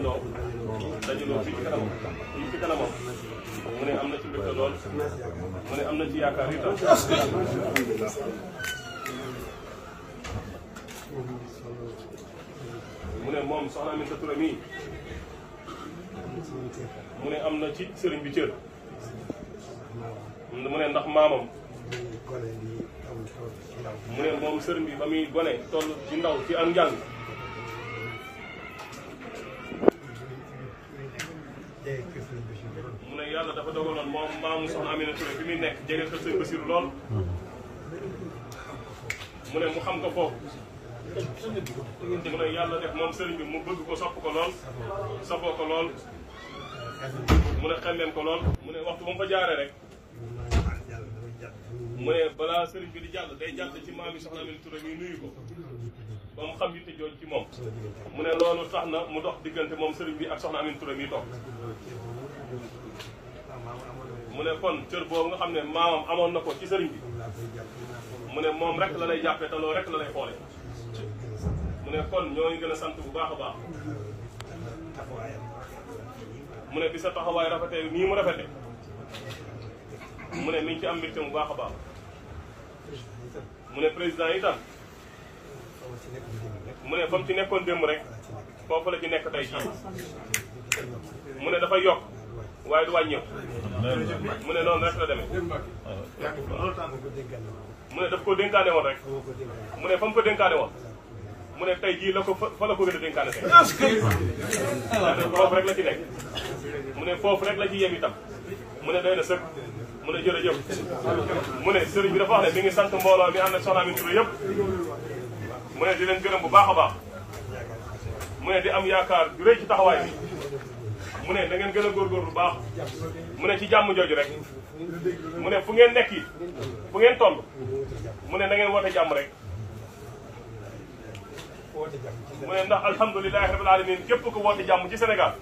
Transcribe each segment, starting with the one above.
dëkkandoo dajaloo mu ne am na ci mbégte lool mu ne am na ci yaakaar itam mu ne moom soxna Aminata Touré mii mu ne am na ci sëriñ bi cër mu ne ndax maamam mu ne moom sëriñ bi ba muy gone toll ci ndaw ci am njàng mu ne yàlla dafa dogaloon moom maamu soxna Amina Touré bi muy nekk jege kër sëñ Basiru lool. mu ne mu xam ko foofu. mu ne yàlla def moom sëriñ bi mu bëgg ko sopp ko lool. soppoo ko lool. mu ne xemmeem ko lool. mu ne waxtu ba mu fa jaaree rek. mu ne balaa sëriñ bi di jàll day jàll ci maam yi soxna Amina Touré ñuy nuyu ko. moom xam xam yitte jooju ci moom mu ne loolu tax na mu dox diggante moom sëriñ bi ak soxna Amine Touré mi toog mu ne kon cër boobu nga xam ne maamam amoon na ko ci sëriñ bi mu ne moom rek la lay jàppee te loolu rek la lay xoole mu ne kon ñoo ngi gën a sant bu baax a baax mu ne bi sa taxawaay rafetee nii mu rafete mu ne mi ngi ci am mbégte mu baax a baax mu ne président yi itam mu ne fa mu ci nekkoon démb rek foofu la ci nekk tey jii mu ne dafa yokk waaye du wàññi mu ne noonu rek la demee mu ne daf ko dénkaane woon rek mu ne fa mu ko dénkaane woon mu ne tey jii la ko fa la ko gën a dénkaane tey foofu rek la ci nekk mu ne foofu rek la ci yem itam mu ne doy na sëkk mu ne jërëjëf mu ne sëriñ bi dafa wax ne mi ngi sant mbooloo mi ànd ak soxna mi tur yëpp mu ne di leen gërëm bu baax a baax mu ne di am yaakaar ju rëy ci taxawaay bi mu ne na ngeen gën a góorgóor bu baax mu ne ci jàmm jooju rek mu ne fu ngeen nekk yi fu ngeen toll mu ne na ngeen woote jàmm rek mu ne ndax alhamdulilahi rabil alamin képp ko woote jàmm ci senegal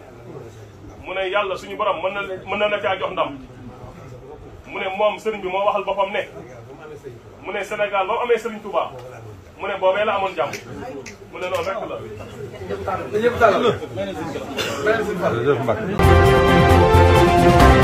mu ne yàlla suñu borom mën na mën na la caa jox ndam mu ne moom sëriñ bi moo waxal boppam ne mu ne senegal ba mu amee sëriñ Touba mu ne boobee la amoon jàmm mu ne loolu rek la. ñëpp tàll ñëpp tàll.